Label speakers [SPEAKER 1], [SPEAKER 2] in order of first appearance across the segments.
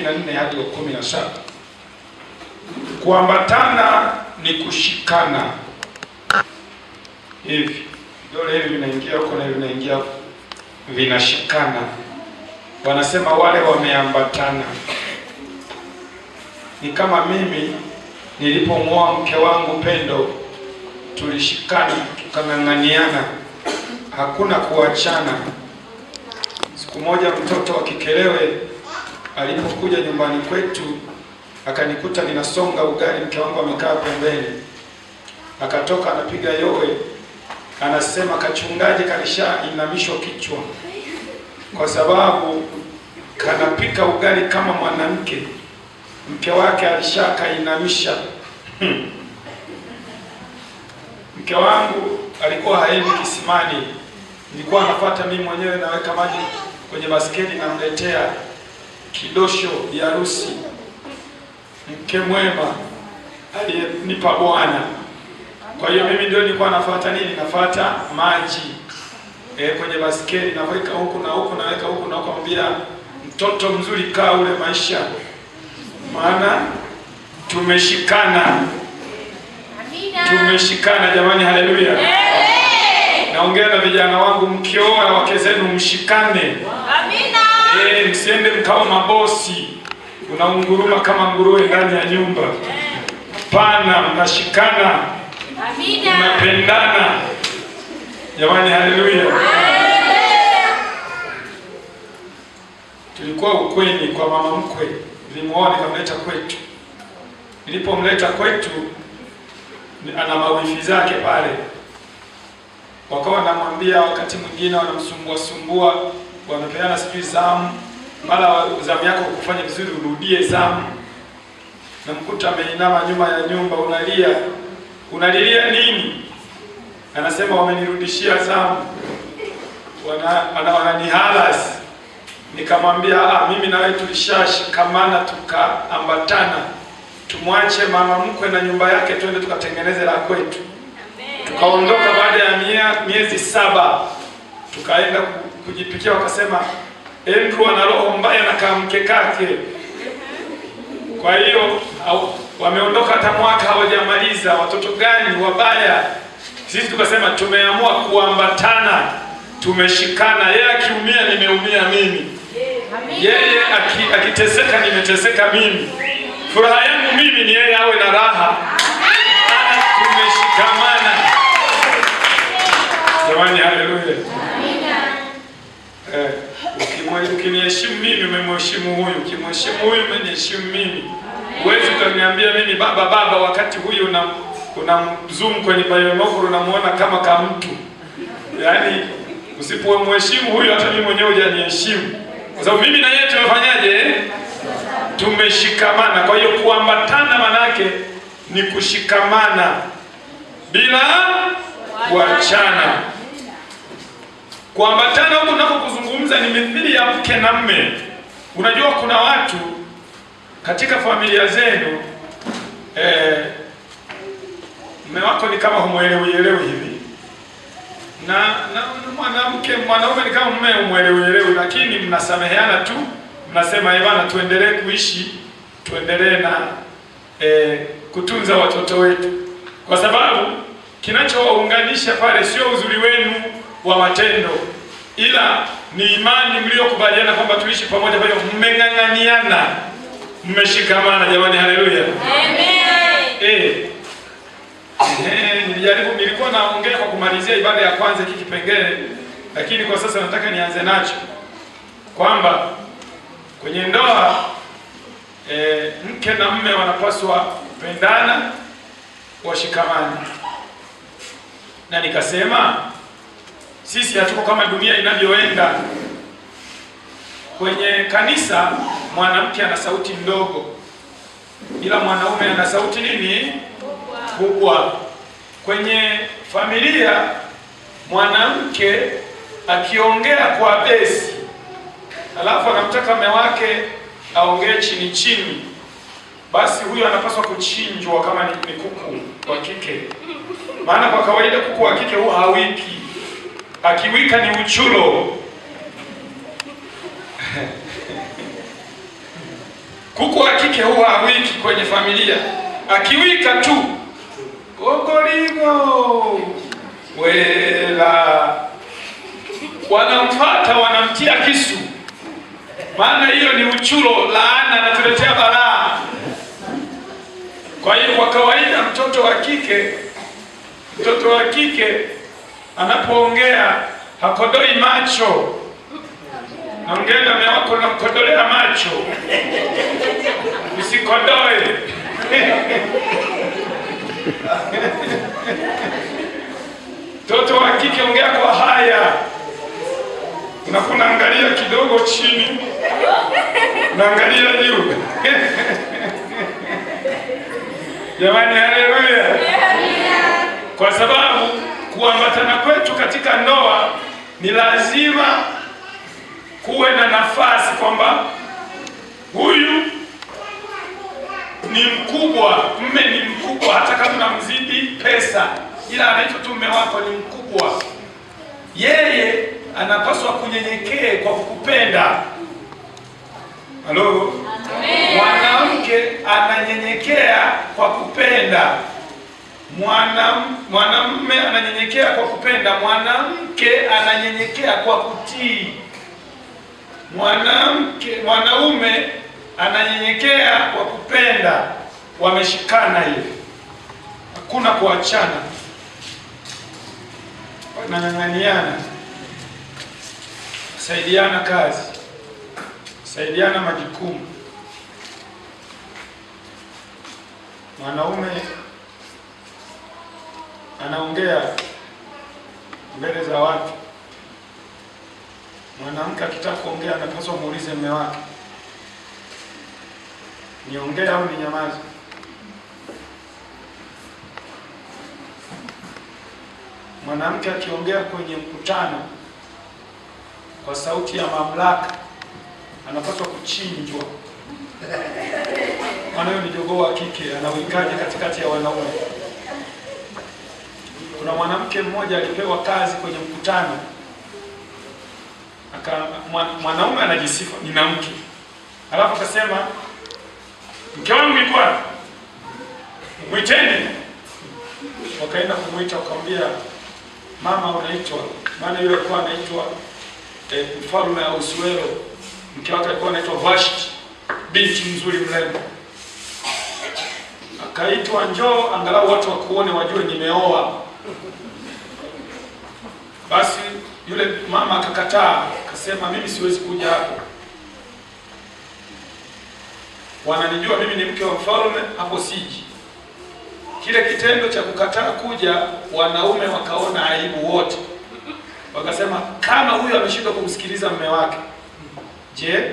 [SPEAKER 1] na hadi ya Kuambatana ni kushikana hivi, vidole hivi vinaingia huko na vinaingia vinashikana. Wanasema wale wameambatana. Ni kama mimi nilipomwoa mke wangu Pendo, tulishikana tukang'ang'aniana, hakuna kuachana. Siku moja mtoto wa kikelewe alipokuja nyumbani kwetu akanikuta ninasonga ugali, mke wangu amekaa pembeni. Akatoka anapiga yowe, anasema kachungaji inamishwa kichwa, kwa sababu kanapika ugali kama mwanamke, mke wake alisha kainamisha Mke wangu alikuwa haendi kisimani, nilikuwa napata mimi mwenyewe, naweka maji kwenye basketi, namletea kidosho ya harusi, mke mwema aliyenipa Bwana. Kwa hiyo mimi ndio nilikuwa nafuata nini, nafuata maji e, kwenye basikeli naweka huku na huku, naweka huku na huku, bila mtoto mzuri kaa ule maisha, maana tumeshikana, tumeshikana jamani, haleluya! Naongea na vijana wangu, mkioa wake zenu mshikane. Amina. Eh, msiende mkawa mabosi unaunguruma kama nguruwe ndani ya nyumba. Pana, mnashikana, mnapendana. Jamani, haleluya! Tulikuwa ukweni kwa mama mkwe, nilimuona nikamleta kwetu. Nilipomleta kwetu, ana mawifi zake pale, wakawa wanamwambia, wakati mwingine wanamsumbua sumbua wanapeana sijui zamu, mara zamu yako kufanya vizuri urudie zamu, namkuta ameinama nyuma ya nyumba, unalia. Unalilia nini? Anasema wamenirudishia zamu, wana wananihalasi. Nikamwambia ah, mimi na wewe tulishashikamana tukaambatana, tumwache mama mkwe na nyumba yake, twende tukatengeneze la kwetu. Tukaondoka baada ya mia, miezi saba tukaenda kujipikia, wakasema Andrew ana roho mbaya na kamke kake. Kwa hiyo wameondoka hata mwaka hawajamaliza. Watoto gani wabaya! Sisi tukasema tumeamua kuambatana, tumeshikana. Yeye akiumia, nimeumia mimi, yeye akiteseka, nimeteseka mimi. Furaha yangu mimi ni yeye awe na raha. Tumeshikamana jamani, haleluya! Eh, ukiniheshimu mimi umemheshimu huyu, ukimheshimu huyu umeniheshimu mimi. Huwezi ukaniambia mimi baba baba, wakati huyu una una zoom kwenye biomarker unamuona kama ka mtu. Yaani usipomheshimu huyu hata mimi mwenyewe hujaniheshimu. Kwa sababu mimi na yeye tumefanyaje eh? Tumeshikamana. Kwa hiyo kuambatana manake ni kushikamana bila kuachana kuambatana huku nako kuzungumza ni mithili ya mke na mme. Unajua kuna watu katika familia zenu eh, mme wako ni kama humwelewi elewi hivi na, na mwanamke mwanaume ni kama mme humwelewi elewi, lakini mnasameheana tu, mnasema eh bana, tuendelee kuishi tuendelee na eh, kutunza watoto wetu, kwa sababu kinachowaunganisha pale sio uzuri wenu wa matendo, ila ni imani mliyokubaliana kwamba tuishi pamoja. Kwa hiyo mmeng'ang'aniana, mmeshikamana. Jamani, haleluya,
[SPEAKER 2] amen.
[SPEAKER 1] Eh, nilijaribu, nilikuwa naongea kwa kumalizia ibada ya kwanza hiki kipengele, lakini kwa sasa nataka nianze nacho kwamba kwenye ndoa e, mke na mme wanapaswa kupendana, washikamana na nikasema sisi hatuko kama dunia inavyoenda. Kwenye kanisa mwanamke ana sauti ndogo, ila mwanaume ana sauti nini kubwa. Kwenye familia mwanamke akiongea kwa besi, alafu anamtaka mume wake aongee chini chini, basi huyo anapaswa kuchinjwa kama ni kuku wa kike, maana kwa kawaida kuku wa kike huwa hawiki akiwika ni uchulo kuku akike kike huwa hawiki kwenye familia, akiwika tu gogoligo wela, wanamfata wanamtia kisu, maana hiyo ni uchulo, laana, anatuletea balaa. Kwa hiyo kwa kawaida mtoto wa kike mtoto wa kike anapoongea hakodoi macho, naongea na mume macho, usikodoe toto wa ongea kwa haya, unakunaangalia kidogo chini, naangalia juu jamani, haleluya, kwa sababu kuambatana kwetu katika ndoa ni lazima kuwe na nafasi kwamba huyu ni mkubwa, mme ni mkubwa, hata kama unamzidi pesa, ila anaitwa tu mme wako ni mkubwa. Yeye anapaswa kunyenyekee kwa kukupenda. Halo, mwanamke ananyenyekea kwa kupenda Mwanam, mwanamume ananyenyekea kwa kupenda, mwanamke ananyenyekea kwa kutii. Mwanamke, mwanaume ananyenyekea kwa kupenda. Wameshikana hivi, hakuna kuachana, wanang'ang'aniana, saidiana kazi, saidiana majukumu. Mwanaume anaongea mbele za watu. Mwanamke akitaka kuongea anapaswa muulize mume wake, niongea au ninyamaze? Mwanamke akiongea kwenye mkutano kwa sauti ya mamlaka anapaswa kuchinjwa. Mwanayo ni jogoo wa kike, anawikaje katikati ya wanaume? Kuna mwanamke mmoja alipewa kazi kwenye mkutano, aka mwanaume anajisifa nina mke, alafu akasema mke wangu yuko Mwiteni. Wakaenda kumwita, wakamwambia mama, unaitwa maana. Yule alikuwa anaitwa e, mfalme wa Uswero, mke wake alikuwa anaitwa Vashti, binti nzuri mrembo. Akaitwa, njoo angalau watu wakuone, wajue nimeoa basi yule mama akakataa, akasema mimi siwezi kuja hapo, wananijua mimi ni mke wa mfalme, hapo siji. Kile kitendo cha kukataa kuja, wanaume wakaona aibu wote, wakasema kama huyu ameshindwa kumsikiliza mme wake, je,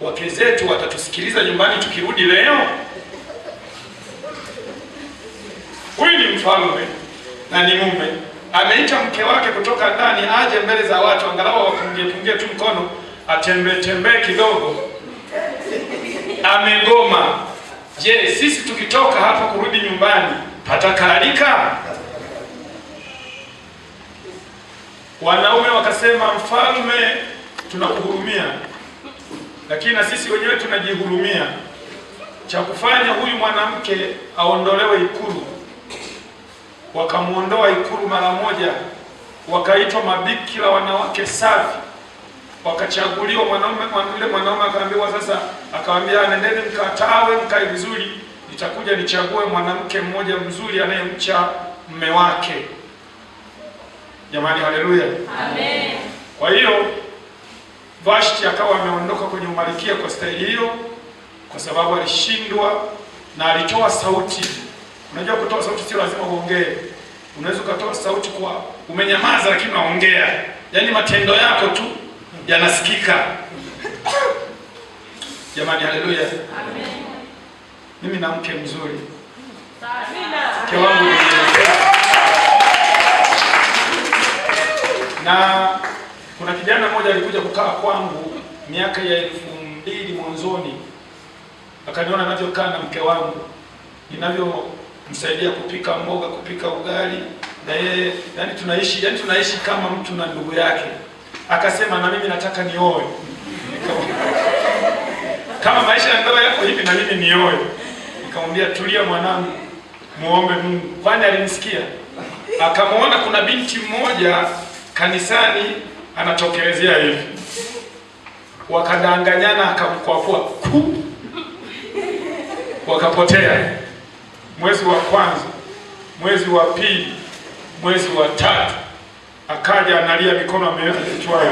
[SPEAKER 1] wake zetu watatusikiliza nyumbani tukirudi leo? Huyu ni mfalme na ni mume ameita mke wake kutoka ndani aje mbele za watu, angalau wapungie pungie tu mkono, atembee tembee kidogo, amegoma. Je, sisi tukitoka hapa kurudi nyumbani patakalika? Wanaume wakasema, mfalme, tunakuhurumia, lakini na sisi wenyewe tunajihurumia. Cha kufanya huyu mwanamke aondolewe ikulu wakamwondoa Ikulu mara moja, wakaitwa mabikira wanawake safi, wakachaguliwa. Mwanaume yule mwanaume akaambiwa sasa, akawambia nendeni mkatawe, mkae vizuri, nitakuja nichague mwanamke mmoja mzuri anayemcha mme wake. Jamani, haleluya, amen. Kwa hiyo Vashti akawa ameondoka kwenye umalikia kwa staili hiyo, kwa sababu alishindwa na alitoa sauti Unajua kutoa sauti sio lazima uongee. Unaweza ukatoa sauti kwa umenyamaza, lakini unaongea, yaani matendo yako tu yanasikika. Jamani, haleluya! Mimi na mke mzuri, mke wangu na kuna kijana mmoja alikuja kukaa kwangu miaka ya elfu mbili mwanzoni, akaniona ninavyokaa na mke wangu ninavyo kumsaidia kupika mboga, kupika ugali na yeye, yani tunaishi yani tunaishi kama mtu na ndugu yake. Akasema na mimi nataka nioe kama maisha ya ndoa yako hivi, na mimi nioe. Nikamwambia tulia, mwanangu, muombe Mungu. Kwani alinisikia? Akamwona kuna binti mmoja kanisani anatokelezea hivi, wakadanganyana, akamkwapua ku wakapotea mwezi wa kwanza, mwezi wa pili, mwezi wa tatu, akaja analia mikono ameweka kichwani,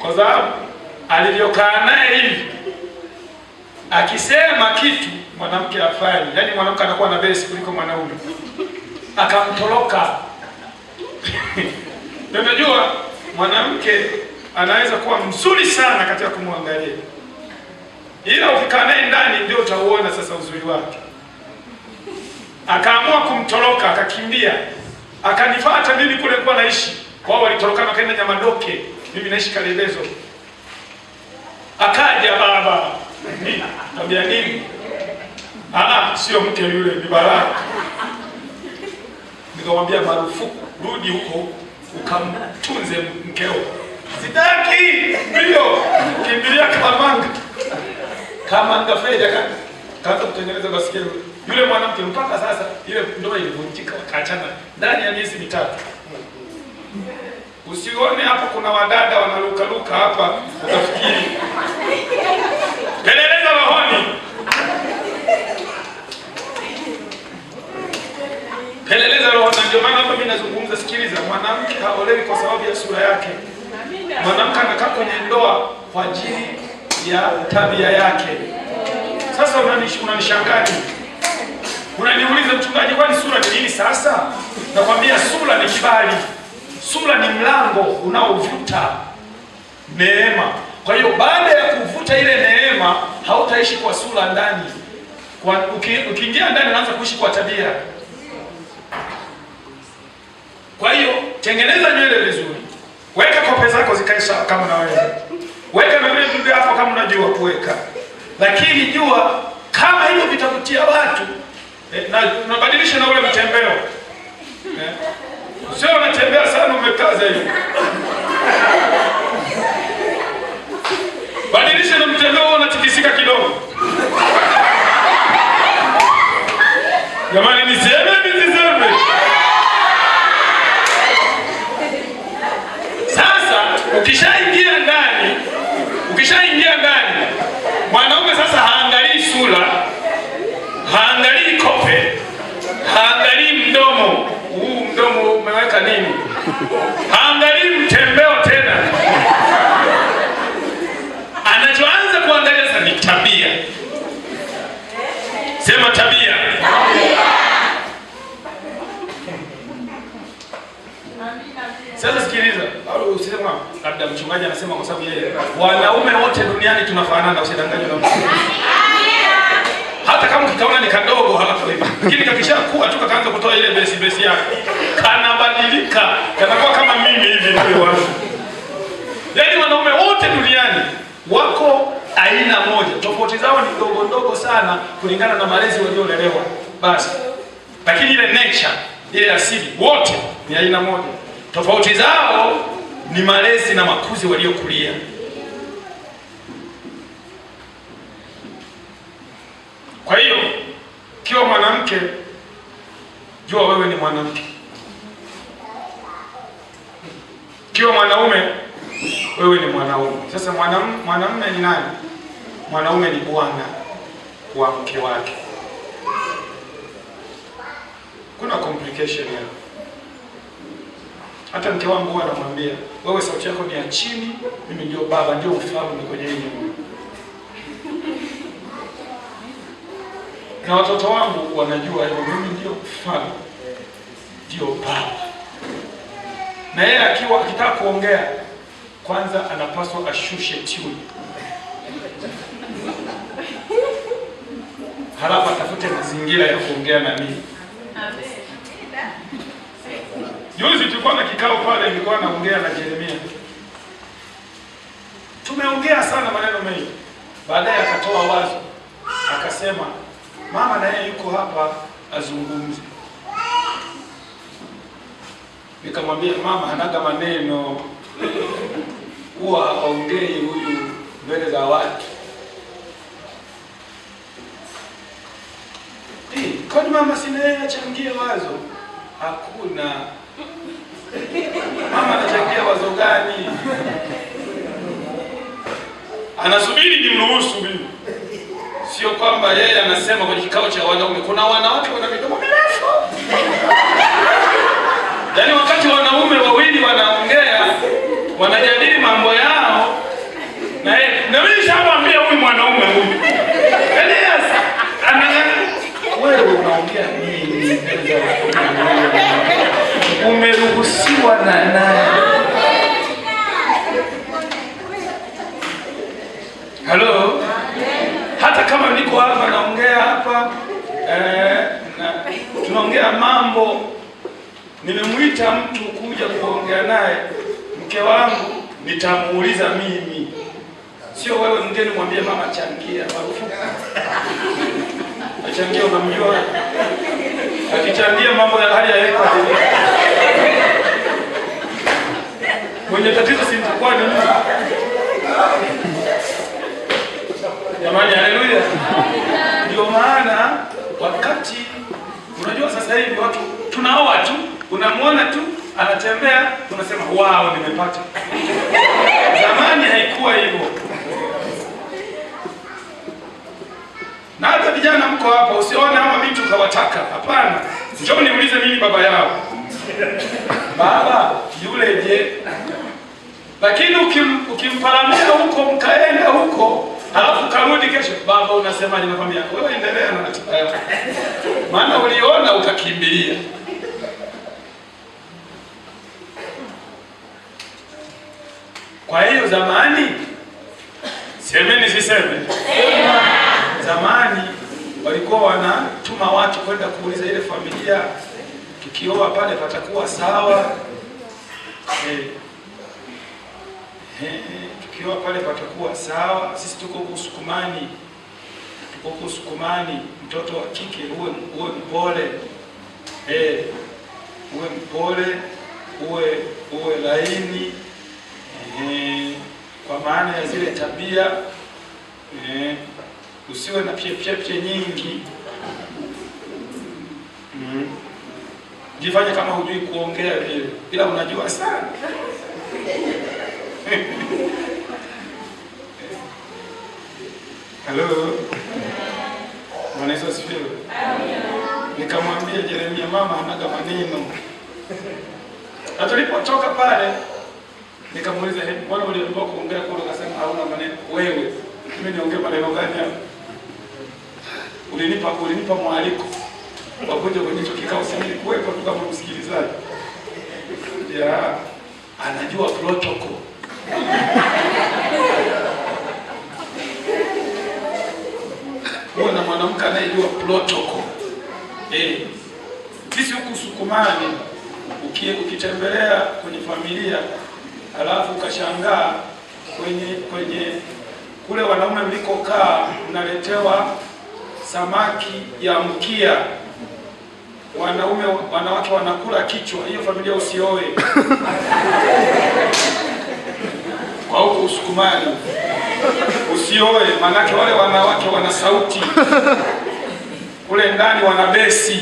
[SPEAKER 1] kwa sababu alivyokaa naye hivi akisema kitu mwanamke afanye, yaani mwanamke anakuwa na besi kuliko mwanaume, akamtoroka ndio mwanamke anaweza kuwa mzuri sana katika kumwangalia ila ukikaa naye ndani ndio utauona sasa uzuri wake. Akaamua kumtoroka akakimbia, akanifuata mimi kule kwa naishi kwao, walitorokana kaenda Nyamadoke, mimi naishi Kalebezo. Akaja baba nambia nini? Ah, sio mke yule, ni baraka. Nikamwambia marufuku, rudi huko ukamtunze mkeo. Sitaki ndio kimbilia kama kama nikafeja kaka kaanza kutengeneza basikeli. Yule mwanamke mpaka sasa ile ndoa ilivunjika, wakaachana ndani ya miezi mitatu. Usione hapo kuna wadada wanalukaluka hapa utafikiri peleleza rohoni, peleleza rohoni. Ndio maana hapa mimi nazungumza, sikiliza, mwanamke haolewi kwa sababu ya sura yake. Mwanamke anakaa kwenye ndoa kwa ajili ya tabia yake. Sasa unanishangaa, unaniuliza mchungaji, kwani sura ni nini? Sasa nakwambia sura ni kibali, sura ni mlango unaovuta neema. Kwa hiyo baada ya kuvuta ile neema, hautaishi kwa sura ndani. Ukiingia ndani, unaanza kuishi kwa tabia. Kwa hiyo tengeneza nywele vizuri, weka kope zako zikae sawa kama naweza Weka vimetu hapo kama unajua kuweka, lakini jua kama hivyo vitakutia watu eh, na unabadilisha na ule mtembeo eh. Sio unatembea sana umekaza hivi, badilisha Sasa sikiliza, au usisema labda mchungaji anasema kwa sababu yeye, wanaume wote duniani tunafanana, usidanganywe na mtu. Hata kama ukitaona ni kadogo halafu hivi. Lakini kakishakuwa tu kaanza kutoa ile besi besi yake. Kanabadilika, kanakuwa kama mimi hivi ndio watu. Yaani wanaume wote duniani wako aina moja. Tofauti zao ni ndogo ndogo sana kulingana na malezi waliolelewa. Basi. Lakini ile nature ile asili, wote ni aina moja. Tofauti zao ni malezi na makuzi waliokulia. Kwa hiyo kiwa mwanamke, jua wewe ni mwanamke. Kiwa mwanaume, wewe ni mwanaume. Sasa mwanaume ni nani? Mwanaume ni bwana wa mke wake. medication yako. Hata mke wangu huwa anamwambia, wewe sauti yako ni ya chini, mimi ndio baba, ndio mfalme kwenye hii nyumba. Na watoto wangu wanajua hivyo, mimi ndio mfalme, ndio baba. Na yeye akiwa akitaka kuongea kwanza anapaswa ashushe tuni, halafu atafute mazingira ya kuongea na mimi. Juzi tulikuwa na kikao pale, nilikuwa naongea na Jeremia, tumeongea sana maneno mengi. Baadaye akatoa wazo akasema, mama na yeye yuko hapa azungumze. Nikamwambia mama anaga maneno huwa haongei huyu mbele za watu. Eh, kwani mama sina yeye achangie wazo? Hakuna mama anachangia wazo gani? Anasubiri nimruhusu mimi, sio kwamba yeye anasema kwenye kikao cha wanaume. Kuna wanawake wana midomo mirefu yaani, wakati wanaume wawili wanaongea, wanajadili mambo yao, na yeye mimi huyu mwanaume huyu yaani wewe unaongea nini? kuruhusiwa na nani? Hello? Hata kama niko hapa naongea hapa eh, na, tunaongea mambo, nimemwita mtu kuja kuongea naye mke wangu, nitamuuliza mimi, sio wewe mgeni. Mwambie mama changia marufuku achangia, unamjua akichangia mambo ya hali ya hewa Mwenye tatizo si mtakuwa ni Mungu. Jamani, haleluya. Ndio maana wakati unajua sasa hivi watu tunaoa tu, unamwona tu anatembea unasema wow, nimepata. Zamani haikuwa hivyo. Na hata vijana mko hapa, usione hawa vitu kawataka. Hapana, njoo niulize mimi baba yao. Baba yule je lakini ukim, huko mkaenda huko halafu karudi kesho, baba unasema nimekwambia, wewe endelea na ratiba yako, maana uliona ukakimbilia. Kwa hiyo zamani, semeni siseme, zamani walikuwa wanatuma watu kwenda kuuliza ile familia, tukioa pale patakuwa sawa eh. Eh, tukiwa pale patakuwa sawa. Sisi tuko kusukumani, tuko kusukumani. Mtoto wa kike uwe uwe mpole eh, uwe mpole, uwe uwe laini e, kwa maana ya zile tabia eh, usiwe na pyepyepye nyingi mm. Jifanye kama hujui kuongea vile, ila unajua sana Hello. Bwana Yesu asifiwe. Nikamwambia Jeremia, mama anaga maneno. Na tulipotoka pale nikamuuliza, hebu mbona uliambiwa kuongea kule? Akasema hauna maneno. Wewe mimi niongee maneno gani hapo? Ulinipa ulinipa mwaliko wa kuja kwenye hicho kikao, si nilikuwepo tu kama msikilizaji. Ya, anajua protocol huwa na mwanamke anayejua protoko eh. Sisi huku Sukumani, ukitembelea kwenye familia alafu ukashangaa kwenye kwenye kule wanaume mlikokaa unaletewa samaki ya mkia, wanaume wanawake wanakula kichwa, hiyo familia usioe Ujerumani. Usioe, maanake wale wanawake wana sauti kule ndani, wana besi.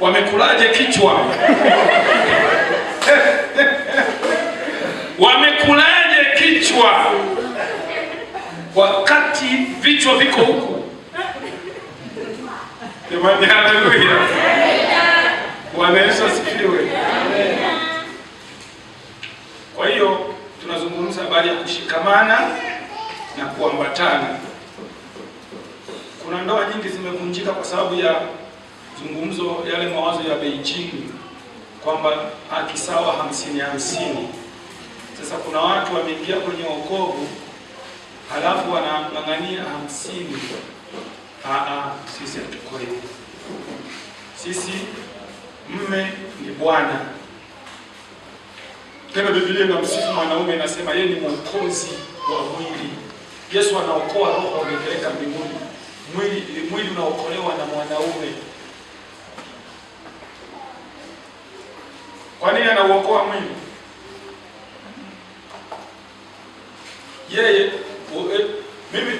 [SPEAKER 1] Wamekulaje kichwa? Wamekulaje kichwa wakati vichwa viko huku? Jamani, haleluya! Bwana Yesu asifiwe. Kwa hiyo kuzungumza habari ya kushikamana na kuambatana. Kuna ndoa nyingi zimevunjika kwa sababu ya zungumzo yale mawazo ya Beijing kwamba haki sawa hamsini hamsini. Sasa kuna watu wameingia kwenye wokovu halafu wanang'ang'ania hamsini. Aa, sisi hatuko hivyo. Sisi mme ni bwana tena Biblia inamsifu mwanaume inasema yeye ni mwokozi wa mwili. Yesu anaokoa roho amepeleka mbinguni. Mwili mwili unaokolewa na mwanaume. Kwa nini anauokoa mwili? Yeye eh, mimi